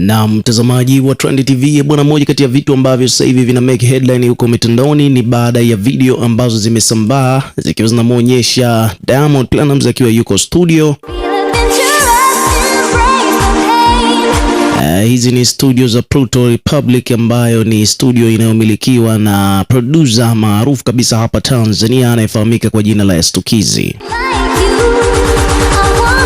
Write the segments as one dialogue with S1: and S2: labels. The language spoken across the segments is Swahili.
S1: Na mtazamaji wa Trend TV bwana, moja kati ya vitu ambavyo sasa hivi vina make headline huko mitandaoni ni baada ya video ambazo zimesambaa zikiwa zinamuonyesha Diamond Platnumz akiwa yuko studio. Uh, hizi ni studio za Pluto Republic ambayo ni studio inayomilikiwa na producer maarufu kabisa hapa Tanzania anayefahamika kwa jina la Estukizi.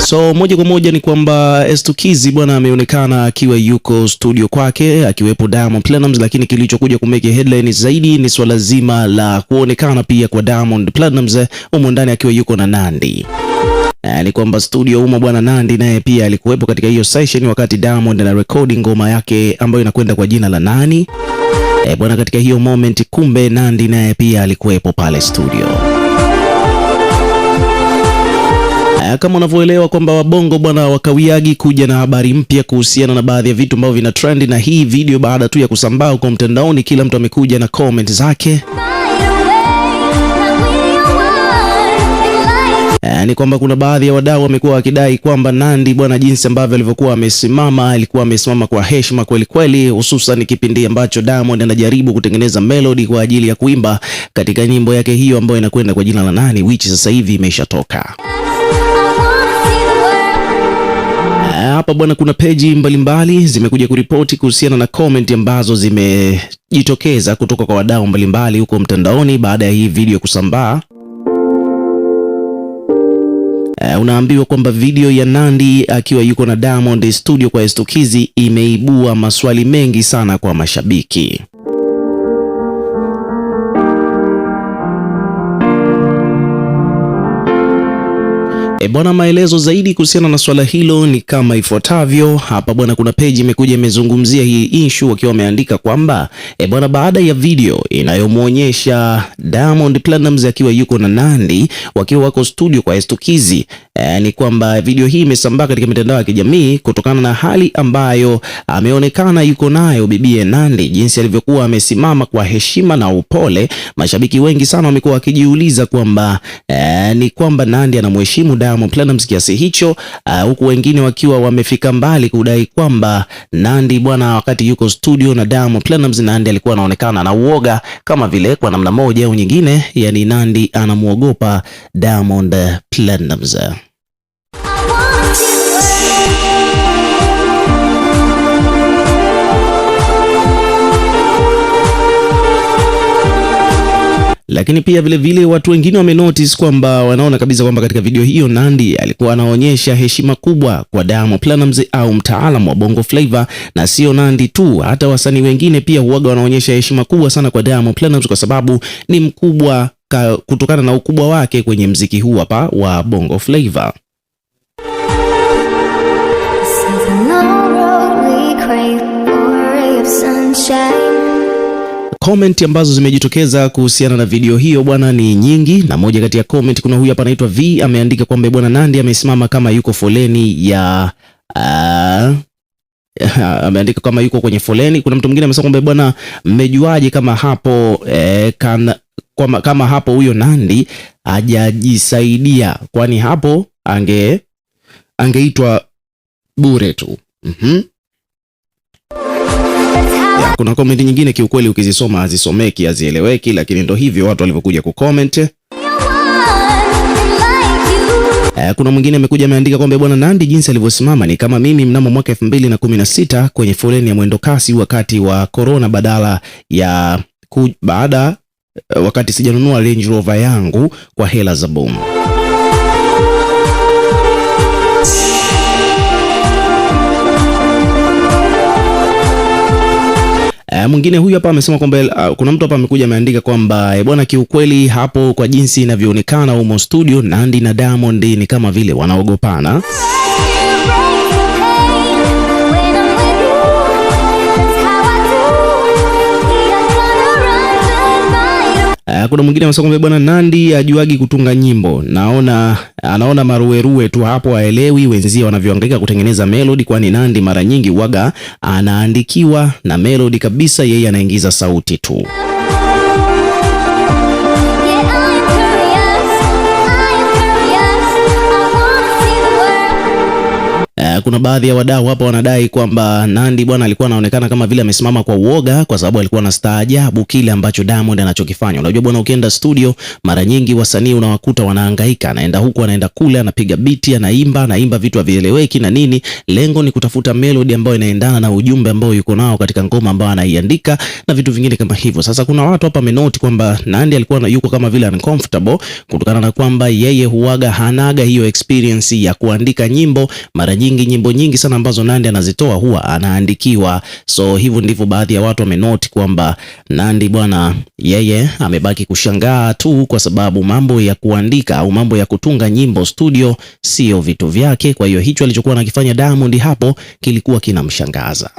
S1: So moja kwa moja ni kwamba Estukizi bwana ameonekana akiwa yuko studio kwake akiwepo Diamond Platnumz, lakini kilichokuja kumeke headline zaidi ni swala zima la kuonekana pia kwa Diamond Platnumz humo ndani akiwa yuko na Nandi. Na, ni kwamba studio humo bwana Nandi naye pia alikuwepo katika hiyo session wakati Diamond ana recording ngoma yake ambayo inakwenda kwa jina la nani. E, bwana katika hiyo moment kumbe Nandi naye pia alikuwepo pale studio. Haya, kama unavyoelewa kwamba wabongo bwana wakawiagi kuja na habari mpya kuhusiana na baadhi ya vitu ambavyo vina trend, na hii video baada tu ya kusambaa huko mtandaoni, kila mtu amekuja na comment zake. Eh, ni kwamba kuna baadhi ya wadau wamekuwa wakidai kwamba Nandy bwana, jinsi ambavyo alivyokuwa amesimama, alikuwa amesimama kwa heshima kweli kweli, hususan kipindi ambacho Diamond anajaribu kutengeneza melody kwa ajili ya kuimba katika nyimbo yake hiyo ambayo inakwenda kwa jina la nani, which sasa hivi imeshatoka. Hapa bwana, kuna peji mbalimbali zimekuja kuripoti kuhusiana na komenti ambazo zimejitokeza kutoka kwa wadau mbalimbali huko mtandaoni baada ya hii video kusambaa. Uh, unaambiwa kwamba video ya nandi akiwa yuko na Diamond studio kwa Estukizi imeibua maswali mengi sana kwa mashabiki. E bwana, maelezo zaidi kuhusiana na swala hilo ni kama ifuatavyo. Hapa bwana, kuna peji imekuja imezungumzia hii issue wakiwa wameandika kwamba e bwana, baada ya video inayomwonyesha Diamond Platnumz akiwa yuko na Nandi wakiwa wako studio kwa estukizi e, eh, ni kwamba video hii imesambaa katika mitandao ya kijamii kutokana na hali ambayo ameonekana yuko nayo bibie Nandi, jinsi alivyokuwa amesimama kwa heshima na upole. Mashabiki wengi sana wamekuwa wakijiuliza kwamba e, ni kwamba Nandi anamheshimu Diamond Platnumz kiasi hicho, uh, huku wengine wakiwa wamefika mbali kudai kwamba nandi bwana, wakati yuko studio na Diamond Platnumz, Nandi alikuwa anaonekana na uoga kama vile kwa namna moja au nyingine, yani nandi anamuogopa Diamond Platnumz. Lakini pia vilevile watu wengine notice kwamba wanaona kabisa kwamba katika video hiyo nandi alikuwa anaonyesha heshima kubwa kwa Diamond Platnumz au mtaalamu wa Bongo Flava, na sio nandi tu, hata wasanii wengine pia huaga wanaonyesha heshima kubwa sana kwa Diamond Platnumz kwa sababu ni mkubwa ka, kutokana na ukubwa wake kwenye mziki huu hapa wa Bongo Flava. Sunshine comment ambazo zimejitokeza kuhusiana na video hiyo bwana ni nyingi, na moja kati ya comment, kuna huyu hapa anaitwa V ameandika kwamba bwana Nandy amesimama kama yuko foleni ya uh, ameandika kama yuko kwenye foleni. Kuna mtu mwingine amesema kwamba bwana, mmejuaje kama hapo eh, kan, kama, kama hapo huyo Nandy hajajisaidia, kwani hapo ange angeitwa bure tu. mm -hmm. Ya, kuna komenti nyingine kiukweli ukizisoma hazisomeki hazieleweki, lakini ndo hivyo watu walivyokuja kucomment. Eh, kuna mwingine amekuja ameandika kwamba bwana Nandy jinsi alivyosimama ni kama mimi mnamo mwaka 2016 kwenye foleni ya mwendo kasi wakati wa corona badala ya baada, eh, wakati sijanunua Range Rover yangu kwa hela za bomu. Uh, mwingine huyu hapa amesema kwamba uh, kuna mtu hapa amekuja ameandika kwamba e, bwana, kiukweli hapo kwa jinsi inavyoonekana humo studio, nandi na Diamond ni kama vile wanaogopana. Uh, kuna mwingine amesema kwamba bwana nandi ajuagi kutunga nyimbo, naona anaona maruerue tu hapo, aelewi wenzie wanavyohangaika kutengeneza melody, kwani nandi mara nyingi waga anaandikiwa na melody kabisa, yeye anaingiza sauti tu. Haya, eh, kuna baadhi ya wadau hapa wanadai kwamba Nandy bwana alikuwa anaonekana kama vile amesimama kwa uoga, kwa sababu alikuwa na staajabu kile ambacho Diamond anachokifanya. Unajua bwana, ukienda studio mara nyingi wasanii unawakuta wanahangaika, anaenda huku anaenda kule, anapiga biti, anaimba, anaimba vitu havieleweki na nini. Lengo ni kutafuta melody ambayo inaendana na ujumbe ambao yuko nao katika ngoma ambayo anaiandika na vitu vingine kama hivyo. Sasa kuna watu hapa menoti kwamba Nandy alikuwa na yuko kama vile uncomfortable kutokana na kwamba yeye huaga hanaga hiyo experience ya kuandika nyimbo mara nyingi nyingi, nyimbo nyingi sana ambazo Nandy anazitoa huwa anaandikiwa. So hivyo ndivyo baadhi ya watu wamenoti kwamba Nandy bwana, yeye amebaki kushangaa tu, kwa sababu mambo ya kuandika au mambo ya kutunga nyimbo studio sio vitu vyake. Kwa hiyo hicho alichokuwa anakifanya Diamond hapo kilikuwa kinamshangaza.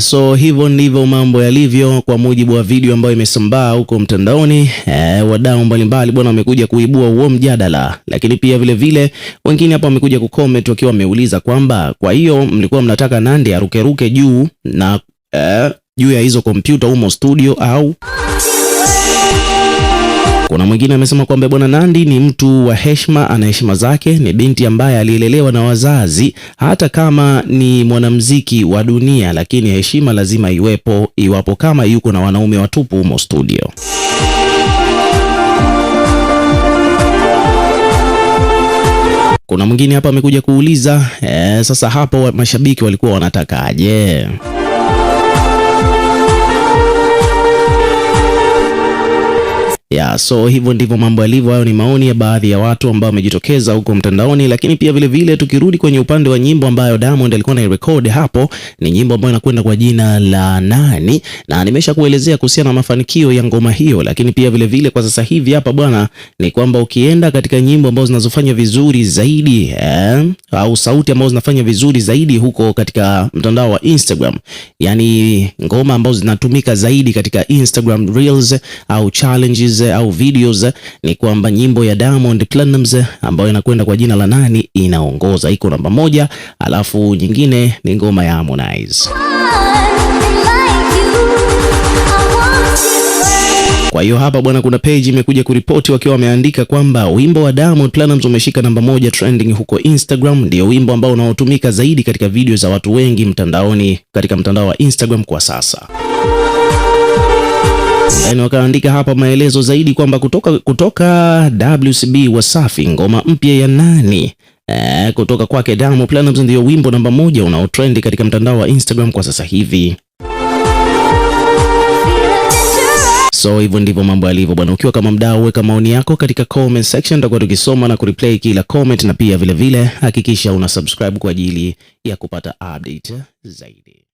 S1: so hivyo ndivyo mambo yalivyo kwa mujibu wa video ambayo imesambaa huko mtandaoni. Eh, wadau mbalimbali bwana wamekuja kuibua huo mjadala, lakini pia vile vile wengine hapa wamekuja kucomment wakiwa wameuliza kwamba kwa hiyo mlikuwa mnataka Nandy arukeruke juu na eh, juu ya hizo kompyuta humo studio au kuna mwingine amesema kwamba bwana nandi ni mtu wa heshima, ana heshima zake, ni binti ambaye alielelewa na wazazi, hata kama ni mwanamuziki wa dunia, lakini heshima lazima iwepo, iwapo kama yuko na wanaume watupu humo studio. Kuna mwingine hapa amekuja kuuliza eh, sasa hapo mashabiki walikuwa wanatakaje? ya so hivyo ndivyo mambo yalivyo. Hayo ni maoni ya baadhi ya watu ambao wamejitokeza huko mtandaoni, lakini pia vile vile tukirudi kwenye upande wa nyimbo ambayo Diamond alikuwa na record hapo, ni nyimbo ambayo inakwenda kwa jina la nani, na nimesha kuelezea kuhusiana na mafanikio ya ngoma hiyo. Lakini pia vile vile kwa sasa hivi hapa bwana, ni kwamba ukienda katika nyimbo ambazo zinazofanya vizuri zaidi eh, au sauti ambazo zinafanya vizuri zaidi huko katika mtandao wa Instagram, yani ngoma ambazo zinatumika zaidi katika Instagram Reels au challenges clips au videos ni kwamba nyimbo ya Diamond Platnumz ambayo inakwenda kwa jina la nani inaongoza, iko namba moja, alafu nyingine ni ngoma ya Harmonize. Kwa hiyo hapa bwana, kuna page imekuja kuripoti wakiwa wameandika kwamba wimbo wa Diamond Platnumz umeshika namba moja trending huko Instagram. Ndio wimbo ambao unaotumika zaidi katika video za watu wengi mtandaoni, katika mtandao wa Instagram kwa sasa. Yani wakaandika hapa maelezo zaidi kwamba kutoka, kutoka WCB Wasafi, ngoma mpya ya nani? Eh, kutoka kwake Diamond Platnumz ndio wimbo namba moja unaotrendi katika mtandao wa Instagram kwa sasa hivi. So hivyo ndivyo mambo yalivyo bwana. Ukiwa kama mdau, weka maoni yako katika comment section, tutakuwa tukisoma na kureplay kila comment, na pia vilevile vile, hakikisha una subscribe kwa ajili ya kupata update zaidi.